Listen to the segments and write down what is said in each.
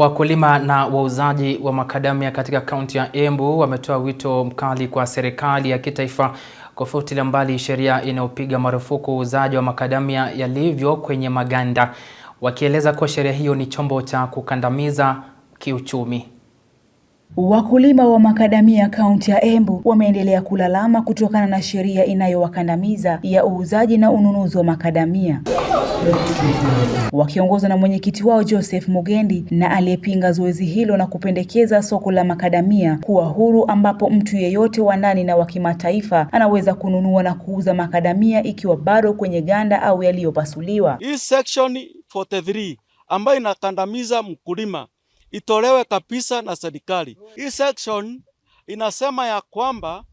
Wakulima na wauzaji wa makadamia katika kaunti ya Embu wametoa wito mkali kwa serikali ya kitaifa kufutilia mbali sheria inayopiga marufuku uuzaji wa makadamia yalivyo kwenye maganda, wakieleza kuwa sheria hiyo ni chombo cha kukandamiza kiuchumi. Wakulima wa makadamia kaunti ya Embu wameendelea kulalama kutokana na sheria inayowakandamiza ya uuzaji na ununuzi wa makadamia. Wakiongozwa na mwenyekiti wao Joseph Mugendi na aliyepinga zoezi hilo na kupendekeza soko la makadamia kuwa huru ambapo mtu yeyote wa ndani na wa kimataifa anaweza kununua na kuuza makadamia ikiwa bado kwenye ganda au yaliyopasuliwa. Hii section 43 ambayo inakandamiza mkulima itolewe kabisa na serikali. Hii section inasema ya kwamba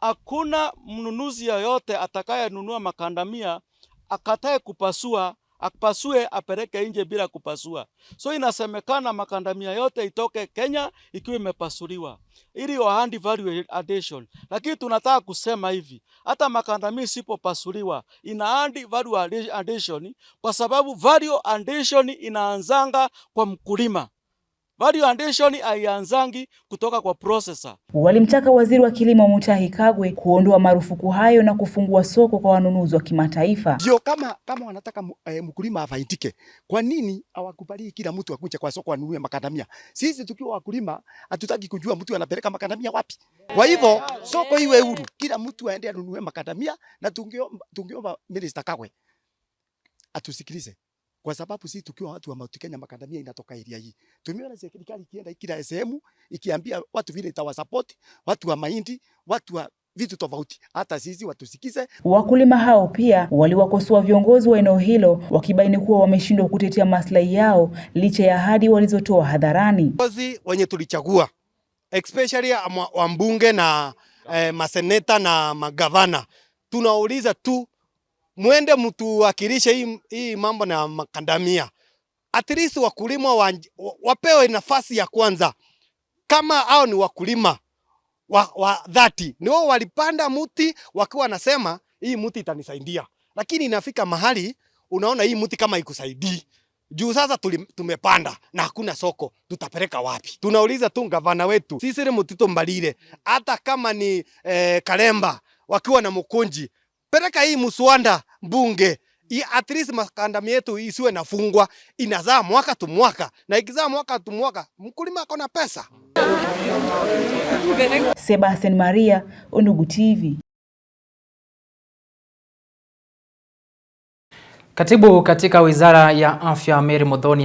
hakuna mnunuzi yoyote atakayenunua makandamia akatae kupasua apasue apeleke nje bila kupasua. So inasemekana makandamia yote itoke Kenya ikiwa imepasuliwa, ili wa hand value addition. Lakini tunataka kusema hivi, hata makandamia isipopasuliwa ina hand value addition, kwa sababu value addition inaanzanga kwa mkulima. Value addition haianzangi kutoka kwa processor. Walimtaka Waziri wa Kilimo Mutahi Kagwe kuondoa marufuku hayo na kufungua soko kwa wanunuzi wa kimataifa. Ndio kama kama wanataka eh, mkulima afaidike. Kwa nini hawakubalii kila mtu akuje kwa soko anunue makandamia? Sisi tukiwa wakulima hatutaki kujua mtu anapeleka makandamia wapi. Kwa hivyo soko iwe huru. Kila mtu aende anunue makandamia na tungeomba tungeomba Minister Kagwe atusikilize kwa sababu sisi tukiwa watu wa Mount Kenya makadamia inatoka area hii. Tumeona serikali ikienda kila sehemu ikiambia watu vile itawasupport watu wa mahindi, watu wa vitu tofauti, hata sisi watusikize. Wakulima hao pia waliwakosoa viongozi wa eneo hilo wakibaini kuwa wameshindwa kutetea maslahi yao licha ya ahadi walizotoa hadharani. Viongozi wenye tulichagua especially wa mbunge na eh, maseneta na magavana tunauliza tu mwende mtuwakilishe hii, hii mambo na makandamia. At least wakulima wa, wapewe nafasi ya kwanza, kama hao ni wakulima wa, wa dhati, ni wao walipanda muti wakiwa wanasema hii muti itanisaidia, lakini inafika mahali unaona hii muti kama ikusaidii juu sasa tuli, tumepanda na hakuna soko, tutapeleka wapi? Tunauliza tu gavana wetu sisi ni Mutito Mbalile, hata kama ni eh, Kalemba wakiwa na Mukunji peleka hii mswanda bunge I, at least makandami yetu isiwe nafungwa, inazaa mwaka tu mwaka, na ikizaa mwaka tu mwaka mkulima ako na pesa. Sebastian Maria, Undugu TV. Katibu katika Wizara ya Afya Mary Modhonia